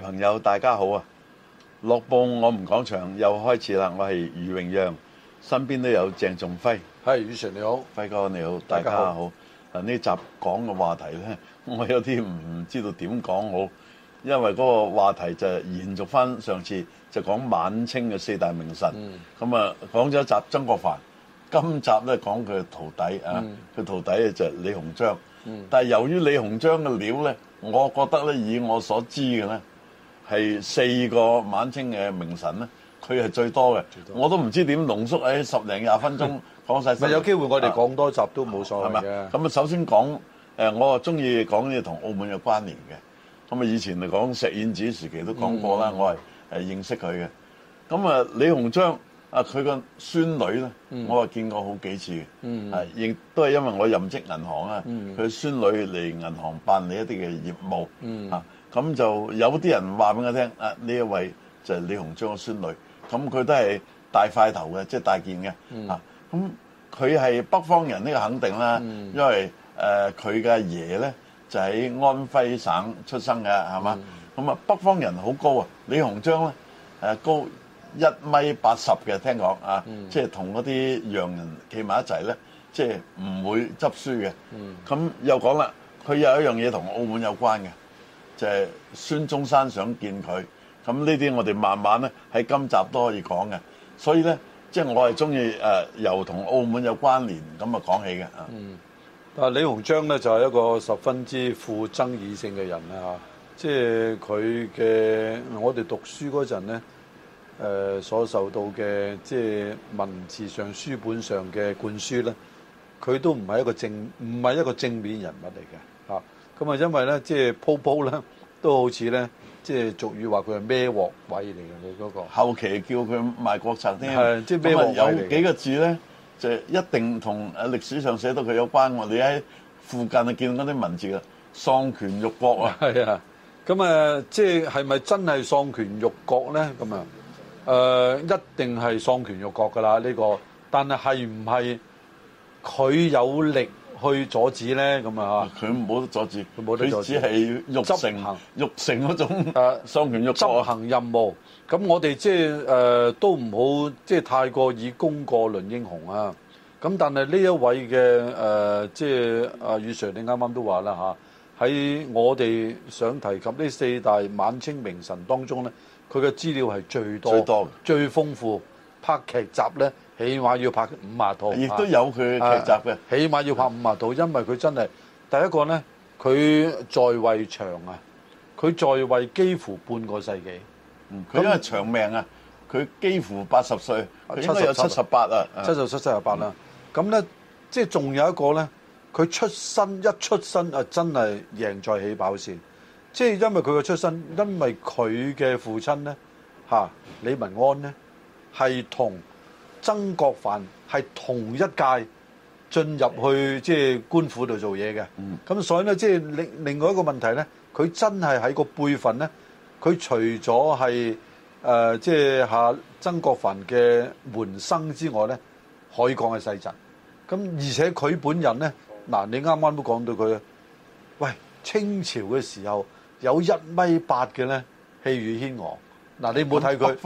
朋友大家好啊！樂報我們講場又開始啦，我係余榮讓，身邊都有鄭仲輝。係，宇成你好，輝哥你好，大家好。家好啊，呢集講嘅話題咧，我有啲唔知道點講好，因為嗰個話題就延續翻上，上次，就講晚清嘅四大名臣。咁啊講咗一集曾國藩，今集咧講佢徒弟啊，佢、嗯、徒弟就係李鴻章。嗯、但係由於李鴻章嘅料咧，我覺得咧以我所知嘅咧。係四個晚清嘅名臣咧，佢係最多嘅，我都唔知點濃縮喺十零廿分鐘 講晒完心。係咪 有機會我哋講多集都冇錯咪？咁啊，首先講誒，我啊中意講嘢同澳門有關聯嘅。咁啊，以前嚟講石燕子時期都講過啦，mm -hmm. 我係誒認識佢嘅。咁啊，李鴻章啊，佢個孫女咧，我啊見過好幾次嘅，係、mm -hmm. 亦都係因為我任職銀行啊，佢、mm -hmm. 孫女嚟銀行辦理一啲嘅業務、mm -hmm. 啊。咁就有啲人話俾我聽，啊，呢一位就係李鴻章嘅孫女，咁佢都係大塊頭嘅，即係大件嘅，嗯、啊，咁佢係北方人呢個肯定啦，嗯、因為誒佢嘅爺咧就喺安徽省出生嘅，係嘛？咁啊，北方人好高啊，李鴻章咧、啊、高一米八十嘅，聽講啊，即係同嗰啲洋人企埋一齊咧，即係唔會執輸嘅。咁、嗯、又講啦，佢有一樣嘢同澳門有關嘅。就係、是、孫中山想見佢，咁呢啲我哋慢慢咧喺今集都可以講嘅。所以咧，即係我係鍾意誒，由、呃、同澳門有關聯咁啊講起嘅啊。嗯，但係李鴻章咧就係、是、一個十分之富爭議性嘅人啦嚇。即係佢嘅，我哋讀書嗰陣咧，誒、啊、所受到嘅即係文字上、書本上嘅灌輸咧，佢都唔係一個正，唔係一個正面人物嚟嘅嚇。啊。咁啊，因為咧，即係鋪鋪咧，都好似咧，即係俗語話佢係孭鑊位嚟嘅，佢嗰個後期叫佢賣國賊添。咁咩？有幾個字咧、就是，就一定同啊歷史上寫到佢有關喎。你喺附近啊見到啲文字啊，喪權辱國啊，係啊，咁啊，即係咪真係喪權辱國咧？咁啊、呃，一定係喪權辱國㗎啦，呢、這個，但係係唔係佢有力去阻止咧，咁啊吓，佢唔好阻止，佢只係欲成欲成嗰種，雙雙拳欲執行任務，咁、嗯嗯、我哋即係誒都唔好即係太過以功過論英雄啊！咁但係呢一位嘅誒即係誒，余 sir、呃就是呃、你啱啱都話啦吓，喺、啊、我哋想提及呢四大晚清名臣當中咧，佢嘅資料係最多、最豐富、拍劇集咧。起碼要拍五廿套，亦都有佢嘅劇集嘅、啊。起碼要拍五廿套，因為佢真係第一個咧，佢在位長啊，佢在位幾乎半個世紀。佢因為長命啊，佢幾乎八十歲，應該有七十八啊，七十出七十八啦。咁、嗯、咧，即係仲有一個咧，佢出身一出身啊，真係贏在起跑線。即係因為佢嘅出身，因為佢嘅父親咧，吓，李文安咧，係同曾國藩係同一屆進入去，即係官府度做嘢嘅。咁所以咧，即係另另外一個問題咧，佢真係喺個輩份咧，佢除咗係誒即係嚇曾國藩嘅門生之外咧，可以講係細侄。咁而且佢本人咧，嗱你啱啱都講到佢咧，喂清朝嘅時候有一米八嘅咧，氣宇軒昂。嗱，你冇睇佢，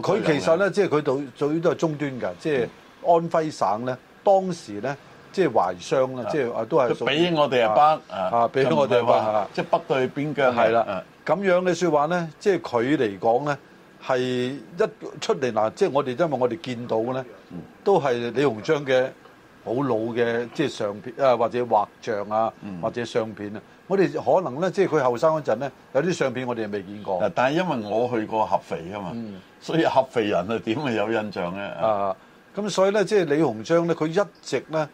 佢其實咧，嗯、即係佢最最都係終端㗎。即係安徽省咧，當時咧，即係淮商啦，即係都係。佢比我哋一班啊，比我哋一班，即、啊、係、啊啊啊就是、北對邊疆。係啦、啊，咁、啊啊啊、樣嘅說話咧，即係佢嚟講咧，係一出嚟嗱，即係我哋因為我哋見到咧，嗯、都係李鴻章嘅好老嘅，即係相片啊，或者畫像啊，嗯、或者相片啊。我哋可能咧，即係佢後生嗰陣咧，有啲相片我哋未見過。但係因為我去過合肥啊嘛、嗯，所以合肥人啊點係有印象嘅。啊，咁所以咧，即係李鴻章咧，佢一直咧，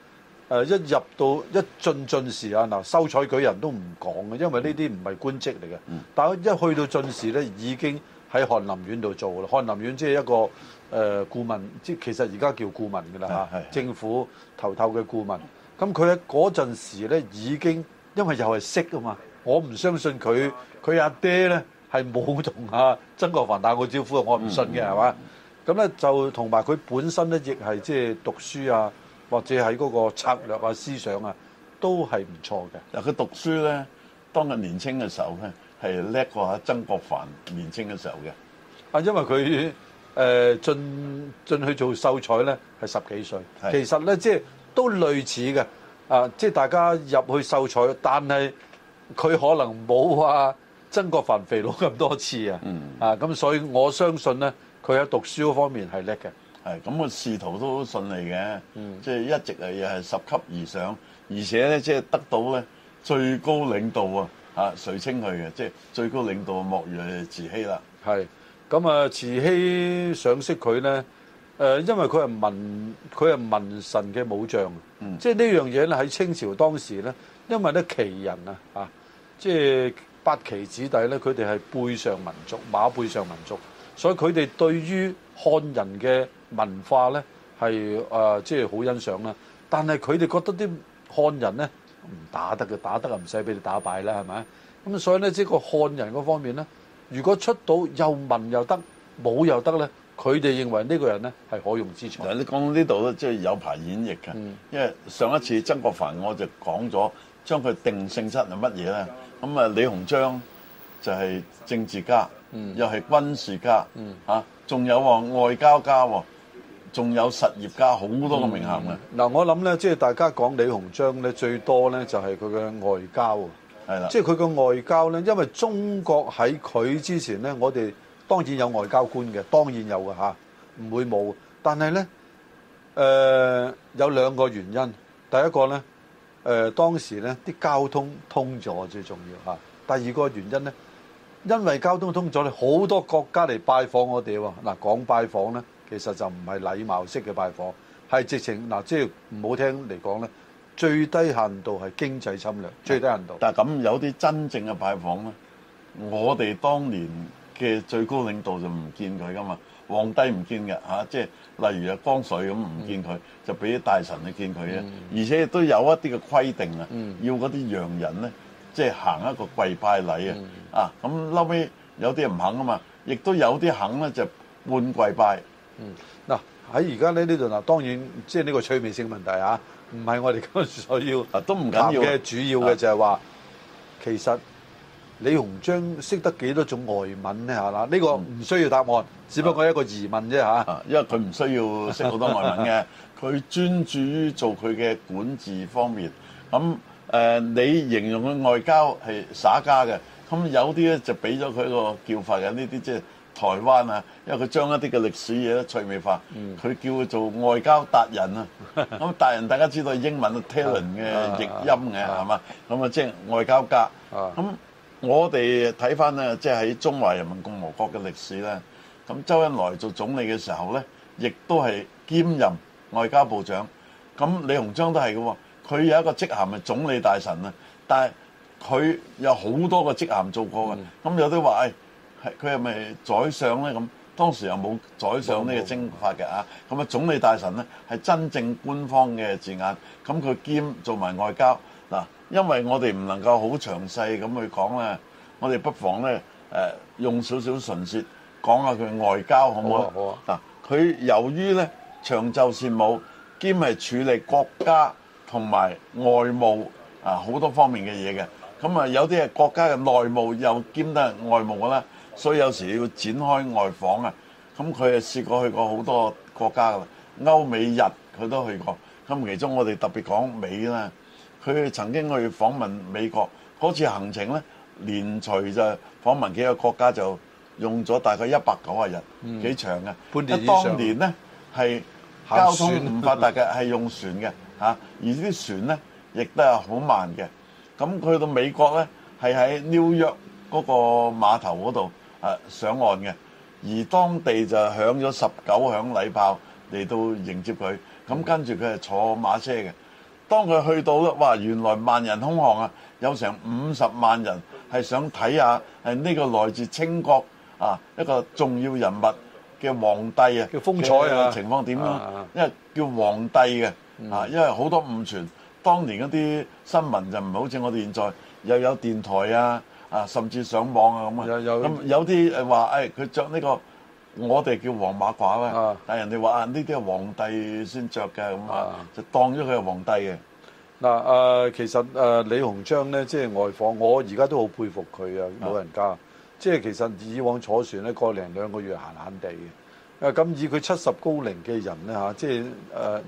誒一入到一進進士啊，嗱、嗯、秀才舉人都唔講嘅，因為呢啲唔係官職嚟嘅。但係一去到進士咧，已經喺翰林院度做啦。翰林院即係一個誒顧問，即係其實而家叫顧問㗎啦嚇，政府頭頭嘅顧問。咁佢喺嗰陣時咧已經。因為又係識啊嘛，我唔相信佢佢阿爹咧係冇同阿曾國藩打過招呼，我唔信嘅係嘛。咁、嗯、咧、嗯、就同埋佢本身咧亦係即係讀書啊，或者喺嗰個策略啊、思想啊都係唔錯嘅。嗱，佢讀書咧，當佢年青嘅時候咧係叻過啊曾國藩年青嘅時候嘅。啊，因為佢誒、呃、進進去做秀才咧係十幾歲，其實咧即係都類似嘅。啊！即係大家入去秀才，但係佢可能冇話、啊、曾國藩肥佬咁多次啊！嗯、啊咁，所以我相信咧，佢喺讀書嗰方面係叻嘅。係咁，個仕途都好順利嘅、嗯，即係一直係係十級而上，而且咧即係得到咧最高領導啊！啊，垂青佢嘅，即係最高領導莫如慈禧啦。係咁啊！慈禧賞識佢咧。誒、呃，因為佢係文佢係文臣嘅武將。嗯、即係呢樣嘢咧，喺清朝當時咧，因為咧旗人啊，嚇、啊，即係八旗子弟咧，佢哋係背上民族，馬背上民族，所以佢哋對於漢人嘅文化咧係誒，即係好欣賞啦、啊。但係佢哋覺得啲漢人咧唔打得嘅，打得啊，唔使俾你打敗啦，係咪？咁所以咧，即係個漢人嗰方面咧，如果出到又文又得，武又得咧。佢哋認為呢個人呢係可用之才。嗱，你講到呢度咧，即係有排演繹嘅、嗯。因為上一次曾國藩我就講咗，將佢定性出係乜嘢呢？咁啊，李鴻章就係政治家，嗯、又係軍事家，仲、嗯啊、有話外交家喎，仲有實業家，好多個名銜嘅。嗱、嗯嗯嗯，我諗呢，即係大家講李鴻章呢，最多呢就係佢嘅外交。係啦，即係佢嘅外交呢，因為中國喺佢之前呢，我哋。當然有外交官嘅，當然有嘅嚇，唔會冇。但係呢，誒、呃、有兩個原因。第一個呢，誒、呃、當時呢啲交通通咗最重要嚇、啊。第二個原因呢，因為交通通咗，你好多國家嚟拜訪我哋喎。嗱、啊，講拜訪呢，其實就唔係禮貌式嘅拜訪，係直情嗱，即係唔好聽嚟講呢，最低限度係經濟侵略。最低限度。但係咁有啲真正嘅拜訪呢，我哋當年，嘅最高領導就唔見佢噶嘛，皇帝唔見嘅吓，即係例如啊江水咁唔見佢、嗯，就俾啲大臣去見佢啊、嗯。而且亦都有一啲嘅規定啊、嗯，要嗰啲洋人咧，即係行一個跪拜禮啊、嗯。啊，咁後尾有啲唔肯啊嘛，亦都有啲肯咧就半跪拜。嗯，嗱喺而家呢度嗱，當然即係呢個趣味性問題啊，唔係我哋今日所要、啊、都唔緊要嘅，主要嘅就係話、啊，其實。李鴻章識得幾多種外文咧？係啦，呢個唔需要答案、嗯，只不過一個疑問啫嚇、嗯。因為佢唔需要識好多外文嘅，佢 專注於做佢嘅管治方面。咁誒、呃，你形容佢外交係耍家嘅，咁有啲咧就俾咗佢一個叫法嘅。呢啲即係台灣啊，因為佢將一啲嘅歷史嘢都趣味化，佢叫佢做外交達人啊。咁、嗯、達人大家知道英文 talent 嘅譯音嘅係嘛？咁 啊，即、啊、係外交家。咁、啊啊啊我哋睇翻咧，即係喺中華人民共和國嘅歷史咧，咁周恩來做總理嘅時候咧，亦都係兼任外交部長。咁李鴻章都係嘅喎，佢有一個職銜係總理大臣啊。但係佢有好多個職銜做過嘅，咁有啲話誒，係佢係咪宰相咧？咁當時又冇宰相呢個稱法嘅咁啊，總理大臣咧係真正官方嘅字眼，咁佢兼做埋外交。嗱，因為我哋唔能夠好詳細咁去講咧，我哋不妨咧誒用少少唇舌講下佢外交好唔好好啊！嗱，佢由於咧長袖善舞，兼係處理國家同埋外務啊好多方面嘅嘢嘅，咁啊有啲係國家嘅內務又兼得外務嘅啦，所以有時要展開外訪啊，咁佢係試過去過好多國家噶啦，歐美日佢都去過，咁其中我哋特別講美啦。佢曾經去訪問美國嗰次行程咧，連隨就訪問幾個國家就用咗大概一百九十日，嗯、幾長嘅。咁當年咧係交通唔發達嘅，係用船嘅嚇、 啊，而啲船咧亦都係好慢嘅。咁佢到美國咧係喺紐約嗰個碼頭嗰度啊上岸嘅，而當地就響咗十九響禮炮嚟到迎接佢。咁、啊嗯、跟住佢係坐馬車嘅。當佢去到了哇！原來萬人空巷啊，有成五十萬人係想睇下，係呢個來自清國啊一個重要人物嘅皇帝啊叫風采啊，情況點啦、啊？因為叫皇帝嘅啊、嗯，因為好多誤傳，當年嗰啲新聞就唔係好似我哋現在又有電台啊啊，甚至上網啊咁啊，咁有啲誒話誒，佢着呢個。我哋叫皇馬褂啦，但係人哋話啊，呢啲係皇帝先着嘅咁啊，就當咗佢係皇帝嘅嗱、啊呃。其實誒、呃、李鴻章咧，即係外訪，我而家都好佩服佢啊，老人家。啊、即係其實以往坐船咧，個零兩個月閒閒地嘅。誒咁以佢七十高齡嘅人咧吓，即係誒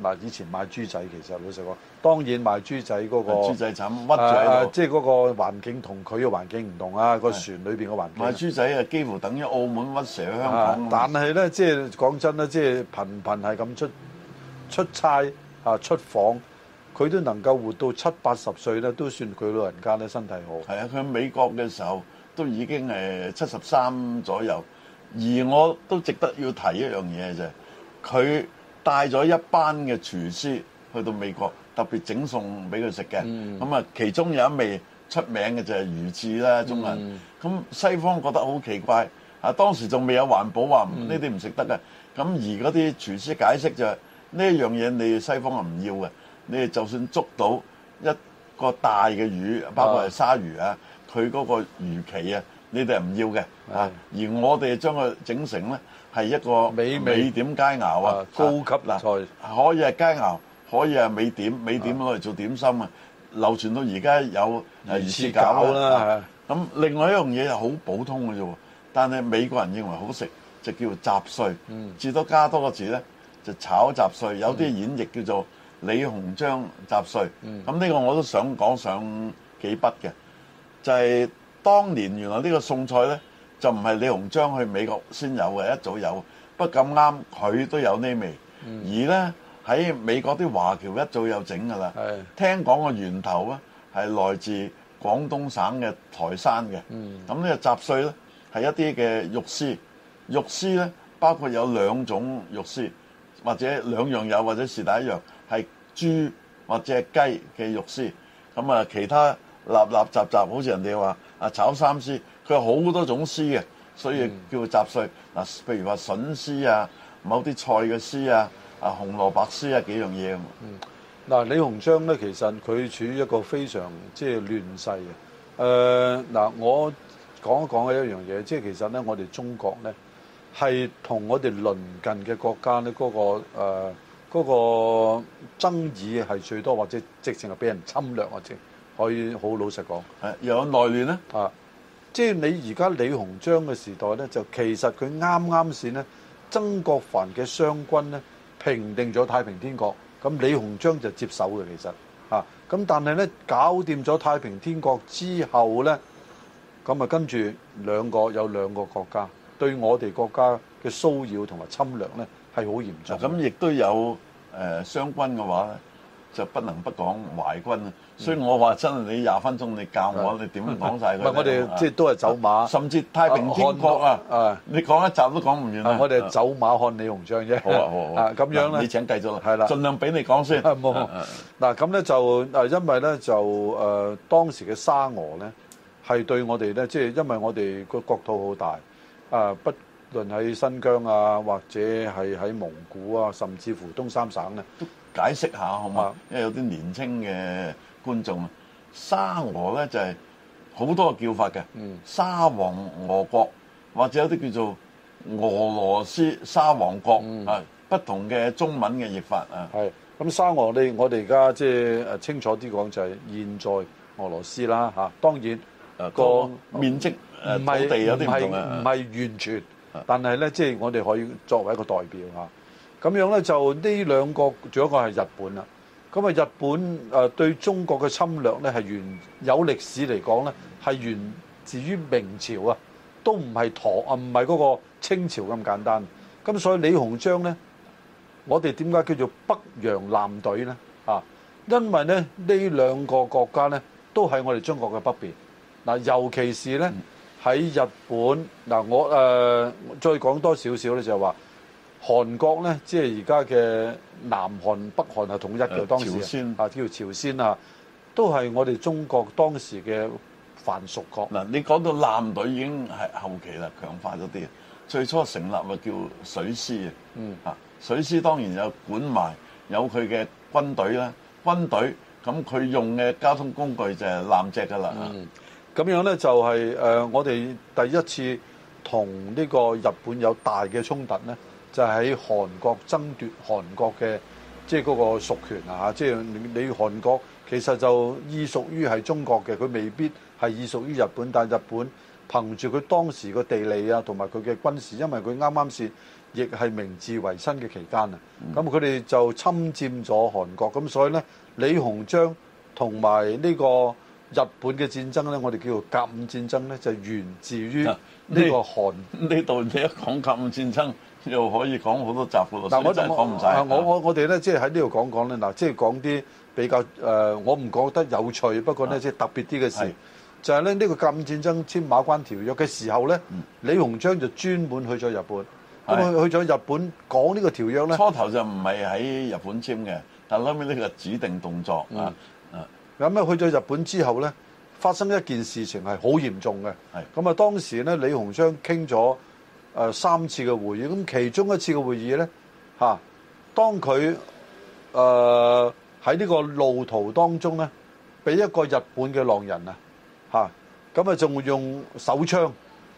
嗱，以前賣豬仔其實老實講，當然賣豬仔嗰、嗰個豬仔慘屈咗喺度、啊、即係嗰個環境同佢嘅環境唔同啊，個船裏面嘅環境賣豬仔啊，幾乎等於澳門屈蛇香港。但係咧，即係講真咧，即係頻頻係咁出出差出訪，佢都能夠活到七八十歲咧，都算佢老人家咧身體好。係啊，佢喺美國嘅時候都已經係七十三左右。而我都值得要提一樣嘢就係，佢帶咗一班嘅廚師去到美國，特別整餸俾佢食嘅。咁、嗯、啊，其中有一味出名嘅就係魚翅啦，中文。咁、嗯、西方覺得好奇怪，啊當時仲未有環保話呢啲唔食得嘅。咁、嗯、而嗰啲廚師解釋就係、是、呢樣嘢，你西方啊唔要嘅，你哋就算捉到一個大嘅魚，包括係鯊魚啊，佢嗰個魚鰭啊。你哋係唔要嘅，而我哋將佢整成咧，係一個美美點佳餚啊，高級啦菜，可以係佳餚，可以係美點，美點攞嚟做點心啊，流傳到而家有魚翅餃啦嚇。咁另外一樣嘢係好普通嘅啫，但係美國人認為好食就叫雜碎，至多加多個字咧就炒雜碎，有啲演繹叫做李鴻章雜碎。咁呢個我都想講上幾筆嘅，就係。當年原來呢個餸菜，菜呢，就唔係李鴻章去美國先有嘅，一早有。不過咁啱佢都有呢味。而呢，喺美國啲華僑一早有整㗎啦。聽講個源頭呢，係來自廣東省嘅台山嘅。咁呢個雜碎呢，係一啲嘅肉絲，肉絲呢，包括有兩種肉絲，或者兩樣有，或者是第一樣係豬或者雞嘅肉絲。咁啊，其他立立雜雜，好似人哋話。啊！炒三絲，佢有好多種絲嘅，所以叫雜碎。嗱、嗯，譬如話筍絲啊，某啲菜嘅絲啊，啊紅蘿蔔絲啊，幾樣嘢啊嗯，嗱，李鴻章咧，其實佢處於一個非常即係亂世嘅。誒、呃，嗱、呃，我講一講嘅一樣嘢，即係其實咧，我哋中國咧係同我哋鄰近嘅國家咧嗰、那個誒嗰、呃那個爭議係最多，或者直情係俾人侵略嘅啫。或者可以好老實講，又有內亂呢啊！即係你而家李鴻章嘅時代呢，就其實佢啱啱先呢，曾國藩嘅湘軍呢，平定咗太平天國。咁李鴻章就接手嘅其實啊，咁但係呢，搞掂咗太平天國之後呢，咁啊跟住兩個有兩個國家對我哋國家嘅騷擾同埋侵略呢，係好嚴重，咁、啊、亦都有誒、呃、湘軍嘅話呢就不能不講淮軍，所以我話真係，你廿分鐘你教我，你點講曬佢？唔係我哋即係都係走馬，甚至太平天國啊！啊，你講一集都講唔完啊！我哋走馬看李鴻章啫，好啊，好啊，啊咁樣咧，你請繼續啦，係啦，盡量俾你講先。冇，嗱咁咧就啊，因為咧就誒當時嘅沙俄咧係對我哋咧，即係因為我哋個國土好大啊，不論喺新疆啊，或者係喺蒙古啊，甚至乎東三省咧。解釋下好嘛？因為、啊、有啲年輕嘅觀眾啊，沙俄咧就係好多叫法嘅、嗯，沙皇俄國或者有啲叫做俄羅斯沙皇國啊、嗯，不同嘅中文嘅譯法啊。係咁沙俄，你我哋而家即係誒清楚啲講，就係現在俄羅斯啦嚇。當然、啊那個面積地有啲唔同，唔係唔係完全，係啊、但係咧即係我哋可以作為一個代表嚇。咁樣咧就呢兩個，仲有一個係日本啦。咁啊，日本誒對中國嘅侵略咧係原有歷史嚟講咧係源自於明朝啊，都唔係唐啊，唔係嗰個清朝咁簡單。咁所以李鴻章咧，我哋點解叫做北洋艦隊咧？啊，因為咧呢兩個國家咧都喺我哋中國嘅北邊。嗱，尤其是咧喺日本嗱，我誒再講多少少咧就係話。韓國呢，即係而家嘅南韓、北韓係統一嘅當時啊，叫朝鮮啊，都係我哋中國當時嘅凡屬國嗱。你講到艦隊已經係後期啦，強化咗啲。最初成立咪叫水師啊、嗯，水師當然有管埋有佢嘅軍隊啦。軍隊咁佢用嘅交通工具就係艦隻噶啦。嗯，咁樣呢，就係誒，我哋第一次同呢個日本有大嘅衝突呢。就喺、是、韓國爭奪韓國嘅即係嗰個屬權啊！即、就、係、是、你，你韓國其實就隸屬於係中國嘅，佢未必係隸屬於日本。但係日本憑住佢當時個地理啊，同埋佢嘅軍事，因為佢啱啱先亦係明治維新嘅期間啊。咁佢哋就侵佔咗韓國，咁所以呢，李鴻章同埋呢個日本嘅戰爭呢，我哋叫做甲午戰爭呢，就源自於呢個韓呢度、啊、你，你一講甲午戰爭。又可以講好多集。貨咯，真係講唔晒，我我我哋咧，即係喺呢度、就是、講講咧，嗱，即係講啲比較誒、呃，我唔覺得有趣，不過咧，即、就、係、是、特別啲嘅事，就係、是、咧，呢、這個禁午戰爭簽馬關條約嘅時候咧、嗯，李鴻章就專門去咗日本。咁佢去咗日本講呢個條約咧，初頭就唔係喺日本簽嘅，但後面呢個指定動作啊咁啊，去咗日本之後咧，發生一件事情係好嚴重嘅。係。咁、嗯、啊，當時咧，李鴻章傾咗。誒三次嘅會議，咁其中一次嘅會議咧，嚇，當佢誒喺呢個路途當中咧，俾一個日本嘅浪人啊，嚇，咁啊仲會用手槍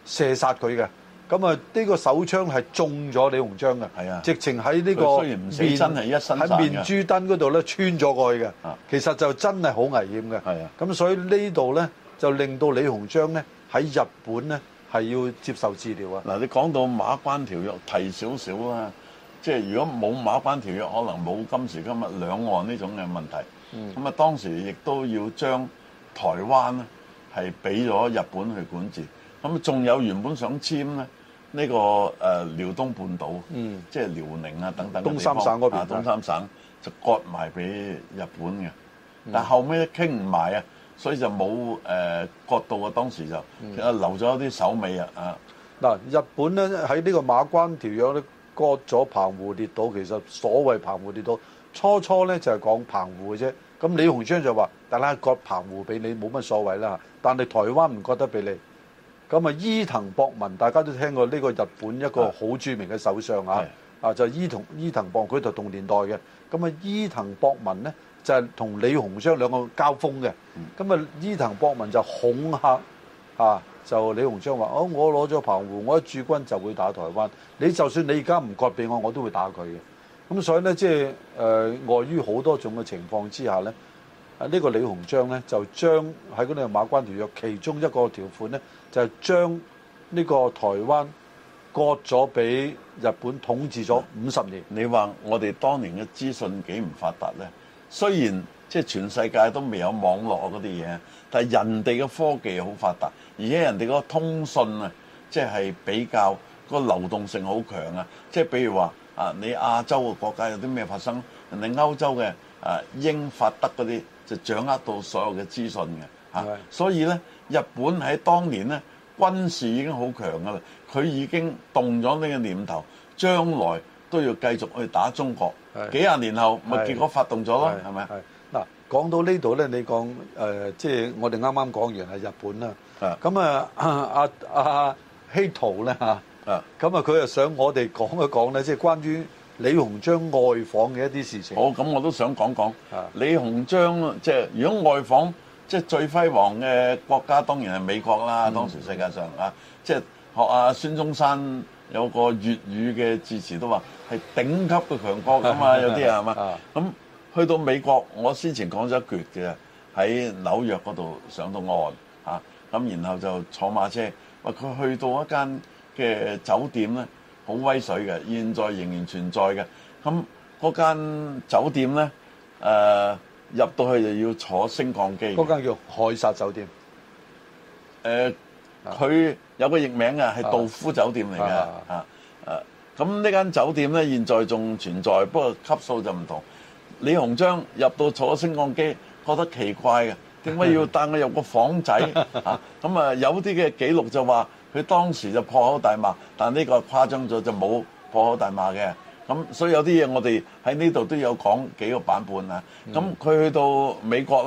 射殺佢嘅，咁啊呢個手槍係中咗李鴻章嘅，係啊，直情喺呢個面係一身，喺面珠燈嗰度咧穿咗過去嘅，係啊，其實就真係好危險嘅，係啊，咁所以呢度咧就令到李鴻章咧喺日本咧。係要接受治療啊！嗱，你講到馬關條約提少少啦，即係如果冇馬關條約，可能冇今時今日兩岸呢種嘅問題。咁啊，當時亦都要將台灣咧係俾咗日本去管治。咁仲有原本想簽咧呢個誒遼東半島，嗯嗯即係遼寧啊等等東三省嗰邊啊，東三省就割埋俾日本嘅。但後尾傾唔埋啊！所以就冇誒割到啊！當時就留咗啲手尾啊！啊嗱，日本咧喺呢個馬關條約咧割咗澎湖列島，其實所謂澎湖列島，初初咧就係講澎湖嘅啫。咁李鴻章就話：，但係割澎湖俾你冇乜所謂啦。但係台灣唔割得俾你。咁啊，伊藤博文大家都聽過呢個日本一個好著名嘅首相啊，啊就係伊藤伊藤博文佢就同年代嘅。咁啊，伊藤博文咧。就係、是、同李鴻章兩個交鋒嘅咁啊！伊藤博文就恐嚇啊，就李鴻章話：，我我攞咗澎湖，我一駐軍就會打台灣。你就算你而家唔割俾我，我都會打佢嘅。咁所以呢，即係誒礙於好多種嘅情況之下呢，啊呢個李鴻章呢，就將喺嗰度馬關條約其中一個條款呢，就將呢個台灣割咗俾日本統治咗五十年。你話我哋當年嘅資訊幾唔發達呢？雖然即係全世界都未有網絡嗰啲嘢，但係人哋嘅科技好發達，而且人哋嗰個通訊啊，即係比較嗰個流動性好強啊！即係譬如話啊，你亞洲嘅國家有啲咩發生，人哋歐洲嘅，啊英法德嗰啲就掌握到所有嘅資訊嘅嚇，所以呢，日本喺當年呢軍事已經好強噶啦，佢已經動咗呢個念頭，將來都要繼續去打中國。幾廿年後，咪結果發動咗咯，係咪啊？嗱，講到呢度咧，你講誒，即係我哋啱啱講完係日本啦。咁啊，阿阿希圖咧嚇，咁啊佢又想我哋講一講咧，即係關於李鴻章外訪嘅一啲事情。好，咁我都想講講。李鴻章即係如果外訪，即係最輝煌嘅國家，當然係美國啦。當時世界上啊，即係學阿孫中山。有個粵語嘅主持都話係頂級嘅強國㗎嘛， 有啲人係嘛，咁 去到美國，我先前講咗一橛嘅，喺紐約嗰度上到岸咁、啊、然後就坐馬車，話、啊、佢去到一間嘅酒店咧，好威水嘅，現在仍然存在嘅，咁嗰間酒店咧，誒入到去就要坐升降機，嗰間叫凱撒酒店，呃佢有個譯名啊，係杜夫酒店嚟嘅、哦、啊，誒咁呢間酒店咧，現在仲存在，不過級數就唔同。李鴻章入到坐升降機，覺得奇怪嘅、啊，點解要帶我入個房仔啊？咁啊，有啲嘅記錄就話佢當時就破口大罵，但呢個誇張咗，就冇破口大罵嘅。咁所以有啲嘢我哋喺呢度都有講幾個版本啊。咁佢去到美國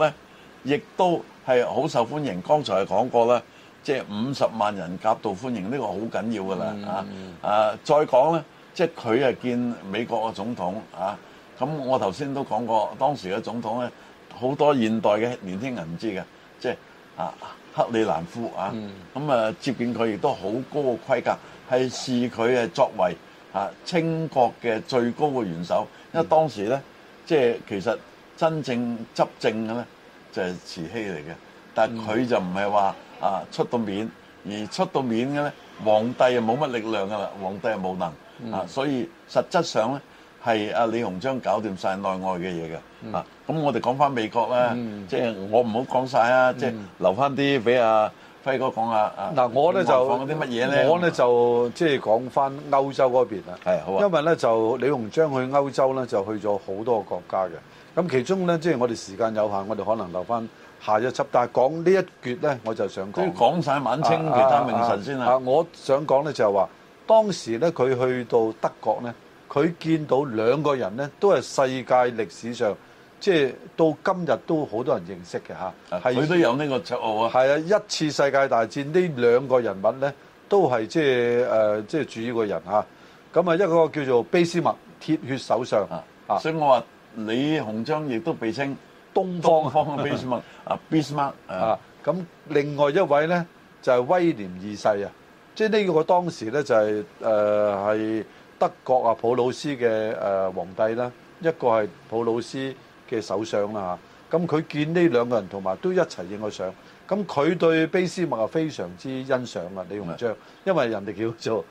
咧，亦都係好受歡迎。剛才係講過啦。即係五十萬人夾道歡迎，呢、這個好緊要㗎啦啊！啊，再講咧，即係佢啊見美國嘅總統啊，咁我頭先都講過，當時嘅總統咧，好多現代嘅年輕人唔知嘅，即、就、係、是、啊克里蘭夫啊，咁、嗯、啊接見佢亦都好高嘅規格，係視佢係作為啊清國嘅最高嘅元首、嗯，因為當時咧即係其實真正執政嘅咧就係、是、慈禧嚟嘅，但係佢就唔係話。啊，出到面，而出到面嘅咧，皇帝又冇乜力量噶啦，皇帝又冇能、嗯、啊，所以實質上咧，係阿李鴻章搞掂晒內外嘅嘢㗎。啊，咁我哋講翻美國啦，即、嗯、係、就是、我唔好講晒啊，即係留翻啲俾阿輝哥講下啊。嗱，我咧就講啲乜嘢咧，我咧就即係講翻歐洲嗰邊啦。係好啊。因為咧就李鴻章去歐洲咧就去咗好多個國家嘅，咁其中咧即係我哋時間有限，我哋可能留翻。下一集，但係講呢一橛咧，我就想講。先講曬晚清、啊、其他名臣先啦。啊，我想講咧就係話，當時咧佢去到德國咧，佢見到兩個人咧，都係世界歷史上，即係到今日都好多人認識嘅嚇。係佢都有呢個綽號啊。係啊，啊，一次世界大戰呢兩個人物咧，都係即係誒，即、呃、係、就是、主要個人嚇。咁啊，一個叫做卑斯麥，鐵血首相。啊，所以我話李鴻章亦都被稱。東方啊，俾斯麥啊，俾斯麥啊，咁另外一位咧就係威廉二世啊，即係呢個當時咧就係誒係德國啊普魯斯嘅誒皇帝啦，一個係普魯斯嘅首相啦嚇，咁佢見呢兩個人同埋都一齊影個相，咁佢對俾斯麥啊非常之欣賞啊，李鴻章，因為人哋叫做。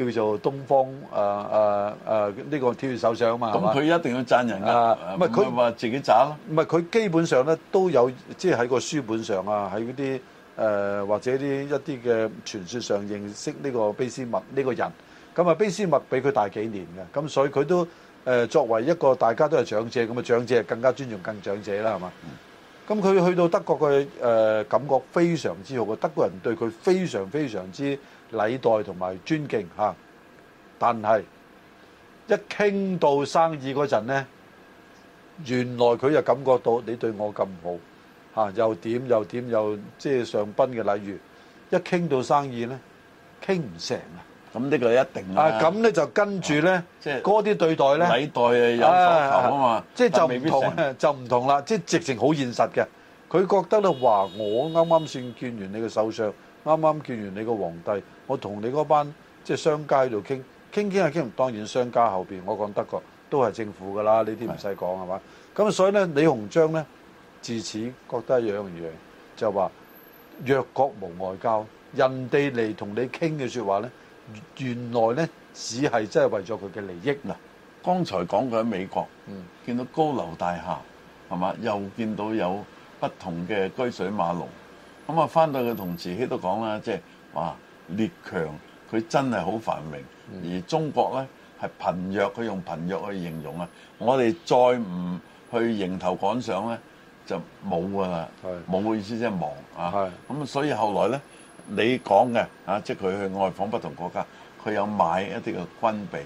叫做東方誒誒誒呢個鐵血首相啊嘛，咁佢一定要讚人㗎，唔係佢話佢自己渣咯，唔係佢基本上咧都有即係喺個書本上啊，喺嗰啲誒或者啲一啲嘅傳説上認識呢個卑斯麥呢個人，咁啊卑斯麥比佢大幾年嘅，咁所以佢都誒作為一個大家都係長者，咁啊長者更加尊重更長者啦，係嘛？嗯咁佢去到德國嘅誒感覺非常之好嘅，德國人對佢非常非常之禮待同埋尊敬嚇。但係一傾到生意嗰陣呢，原來佢就感覺到你對我咁好嚇，又點又點又即係上賓嘅禮遇。一傾到生意呢，傾唔成啊！咁呢個一定啦。啊，咁咧就跟住咧，即係嗰啲對待咧，禮待有要求啊嘛。即係就唔同，就唔同啦。即係直情好現實嘅。佢覺得咧話，我啱啱先見完你個首相，啱啱見完你個皇帝，我同你嗰班即係商家喺度傾，傾傾下傾，當然商家後邊我講德國都係政府㗎啦，呢啲唔使講係嘛。咁所以咧，李鴻章咧自此覺得有樣嘢，就話弱國無外交，人哋嚟同你傾嘅説話咧。原來呢，只係真係為咗佢嘅利益嗱，剛才講佢喺美國、嗯，見到高樓大廈，係嘛？又見到有不同嘅居水馬龍，咁啊翻到去同慈禧都講啦，即係話列強佢真係好繁榮、嗯，而中國呢，係貧弱，佢用貧弱去形容啊。我哋再唔去迎頭趕上呢，就冇噶啦，冇嘅意思即係亡。啊。咁所以後來呢。你講嘅啊，即係佢去外訪不同國家，佢有買一啲嘅軍備，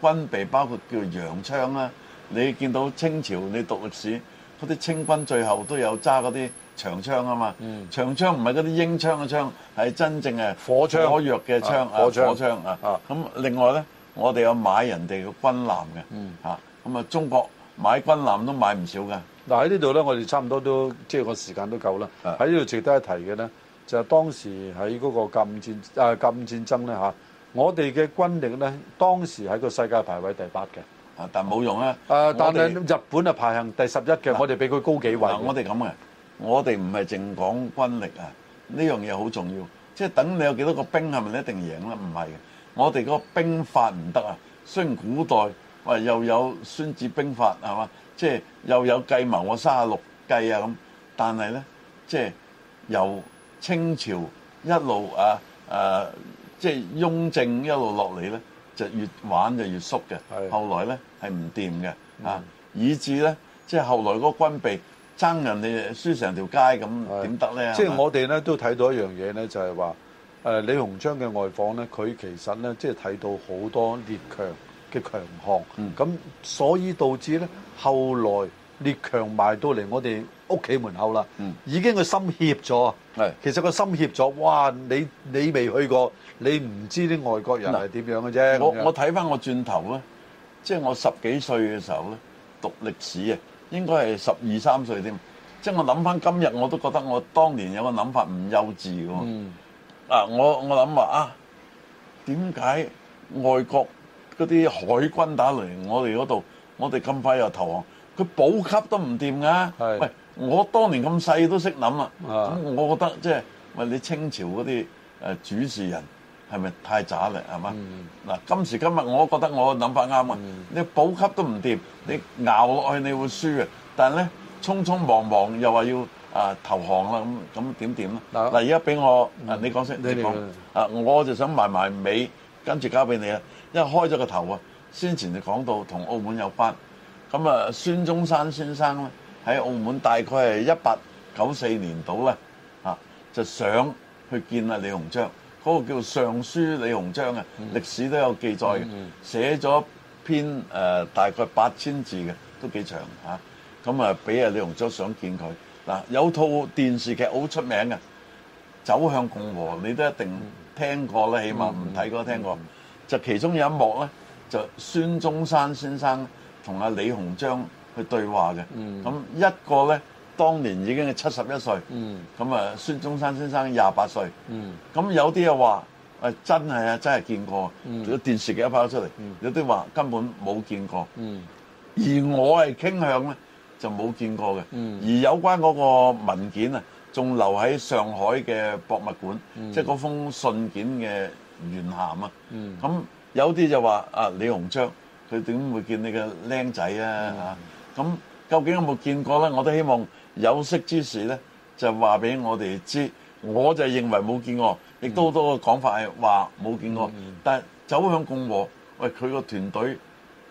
軍備包括叫洋槍啦。你見到清朝，你讀歷史，嗰啲清軍最後都有揸嗰啲長槍啊嘛。長槍唔係嗰啲英槍嘅槍，係真正嘅火槍可藥嘅槍啊，火槍啊。咁另外咧，我哋有買人哋嘅軍艦嘅，嚇咁啊，中國買軍艦都買唔少嘅。但喺呢度咧，我哋差唔多都即係個時間都夠啦。喺呢度值得一提嘅咧。就是、當時喺嗰個甲午戰啊甲午戰爭咧嚇、啊，我哋嘅軍力咧，當時喺個世界排位第八嘅。啊，但冇用啊。誒、呃，但係日本啊排行第十一嘅、呃，我哋比佢高幾位的、呃。我哋咁嘅，我哋唔係淨講軍力啊，呢樣嘢好重要。即、就、係、是、等你有幾多個兵係咪你一定贏咧、啊？唔係嘅，我哋個兵法唔得啊。雖然古代話又有《孫子兵法》係嘛，即、就、係、是、又有計謀我三十六計啊咁，但係咧即係又。就是有清朝一路啊誒、啊，即係雍正一路落嚟咧，就越玩就越縮嘅。是的後來咧係唔掂嘅啊，的嗯、以致咧即係後來嗰軍備爭人哋輸成條街咁，點得咧？即係我哋咧都睇到一樣嘢咧，就係話誒李鴻章嘅外訪咧，佢其實咧即係睇到好多列強嘅強項，咁、嗯、所以導致咧後來。列強埋到嚟我哋屋企門口啦，已經個心怯咗。其實個心怯咗，哇！你你未去過，你唔知啲外國人係點樣嘅啫。我我睇翻我轉頭咧，即係我十幾歲嘅時候咧讀歷史啊，應該係十二三歲添。即係我諗翻今日，我都覺得我當年有個諗法唔幼稚嘅喎。啊！我我諗話啊，點解外國嗰啲海軍打嚟我哋嗰度，我哋咁快又投降？佢補給都唔掂噶，喂！我當年咁細都識諗啦，啊、我覺得即係，喂你清朝嗰啲主事人係咪太渣咧？係嘛？嗱、嗯，今時今日我覺得我諗法啱啊、嗯！你補給都唔掂、嗯，你咬落去你會輸啊。但係咧，匆匆忙忙又話要啊、呃、投降啦，咁咁點點嗱，而家俾我你講先，你講，啊、嗯嗯嗯，我就想埋埋尾，跟住交俾你啊！因為開咗個頭啊，先前就講到同澳門有關。咁啊，孫中山先生咧喺澳門大概係一八九四年度呢，就想去見阿李鴻章，嗰個叫上書李鴻章嘅歷史都有記載嘅，寫咗篇誒大概八千字嘅，都幾長嚇。咁啊，俾阿李鴻章想見佢嗱，有套電視劇好出名嘅《走向共和》，你都一定聽過啦，起碼唔睇過聽過，就其中有一幕咧，就孫中山先生。同阿李鴻章去對話嘅，咁一個咧，當年已經係七十一歲，咁啊，孫中山先生廿八歲，咁、嗯、有啲又話，誒真係啊，真係見過，有、嗯、電視劇一拍出嚟，嗯、有啲話根本冇見過，嗯、而我係傾向咧就冇見過嘅，嗯、而有關嗰個文件啊，仲留喺上海嘅博物館，嗯、即係嗰封信件嘅原函啊，咁、嗯、有啲就話啊，李鴻章。佢點會見你個僆仔啊？咁、嗯、究竟有冇見過咧？我都希望有識之士咧，就話俾我哋知。我就認為冇見過，亦都好多個講法係話冇見過、嗯嗯。但係走向共和，喂，佢個團隊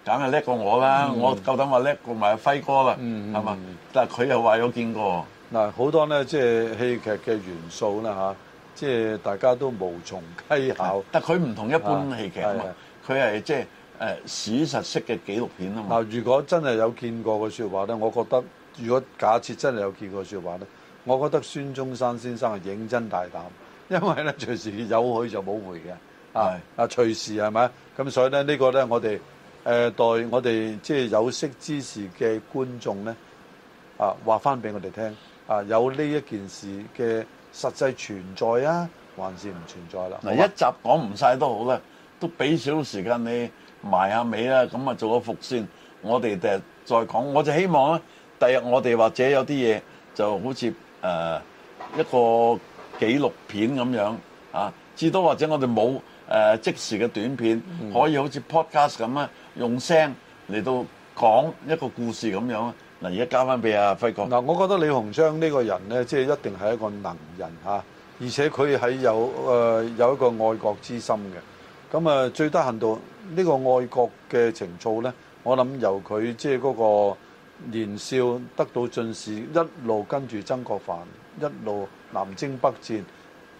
梗係叻過我啦、嗯！我夠膽話叻過埋輝哥啦，係、嗯、嘛、嗯？但係佢又話有見過。嗱，好多咧，即係戲劇嘅元素啦，即、啊、係、即係、大家都無從稽考。但佢唔同一般戲劇，佢係即係。啊誒史實式嘅紀錄片啊嘛！嗱，如果真係有見過嘅説話咧，我覺得如果假設真係有見過説話咧，我覺得孫中山先生係認真大膽，因為咧隨時有去就冇回嘅，係啊，隨時係咪？咁所以咧呢個咧，我哋誒對我哋即係有識之士嘅觀眾咧啊，話翻俾我哋聽啊，有呢一件事嘅實際存在啊，還是唔存在啦？嗱，一集講唔晒都好咧，都俾少時間你。埋下尾啦，咁啊做個伏線。我哋第日再講，我就希望咧，第日我哋或者有啲嘢就好似誒、呃、一個紀錄片咁樣啊，至多或者我哋冇誒即時嘅短片，可以好似 podcast 咁咧，用聲嚟到講一個故事咁樣啊。嗱，而家交翻俾阿輝哥。嗱、啊，我覺得李鴻章呢個人咧，即、就、係、是、一定係一個能人嚇、啊，而且佢係有誒、呃、有一個愛國之心嘅。咁啊，最低限度。呢個愛國嘅情操呢，我諗由佢即係嗰個年少得到進士，一路跟住曾國藩，一路南征北戰，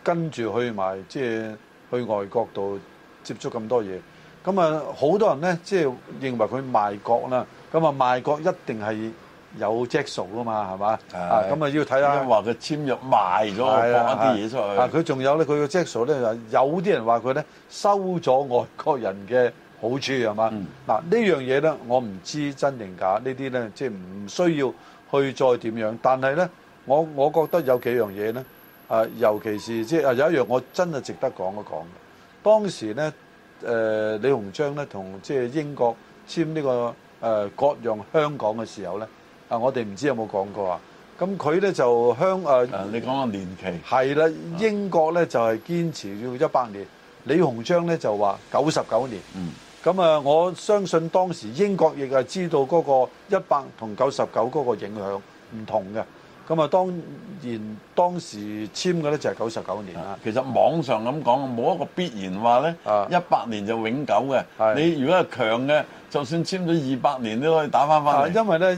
跟住去埋即係去外國度接觸咁多嘢，咁啊好多人呢，即係認為佢賣國啦，咁啊賣國一定係。有 j a c k a 嘛，係嘛啊？咁啊就要睇下。話佢簽約賣咗放啲嘢出去啊！佢仲、啊啊、有咧，佢個 j a c k 咧就有啲人話佢咧收咗外國人嘅好處係嘛？嗱、嗯啊、呢樣嘢咧，我唔知真定假。這些呢啲咧即係唔需要去再點樣。但係咧，我我覺得有幾樣嘢咧啊，尤其是即係、就是、有一樣我真係值得講一講。當時咧，誒、呃、李鴻章咧同即係英國簽呢、這個誒割讓香港嘅時候咧。啊！我哋唔知有冇講過啊。咁佢咧就香誒、啊，你講個年期係啦。英國咧就係、是、堅持要一百年。李鴻章咧就話九十九年。嗯。咁啊，我相信當時英國亦係知道嗰個一百同九十九嗰個影響唔同嘅。咁啊，當然當時簽嘅咧就係九十九年。啊，其實網上咁講冇一個必然話咧，一百年就永久嘅。你如果係強嘅，就算簽咗二百年都可以打翻翻嚟。因為咧。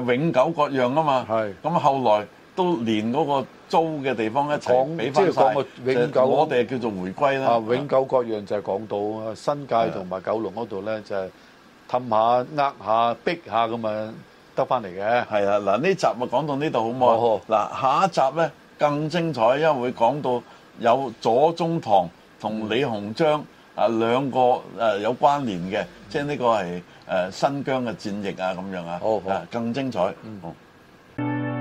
係永久割樣啊嘛，咁後來都連嗰個租嘅地方一齊即係講，就係、講永久，就係、我哋叫做回歸啦，啊。永久割樣就係講到新界同埋九龍嗰度咧，就氹下、呃下、逼下咁啊，得翻嚟嘅。係啊，嗱呢集啊講到呢度好唔好？嗱、哦、下一集咧更精彩，因為會講到有左宗棠同李鴻章。嗯。啊，兩個誒有關聯嘅，嗯、即係呢個係誒新疆嘅戰役啊，咁樣啊，好，啊更精彩。嗯哦。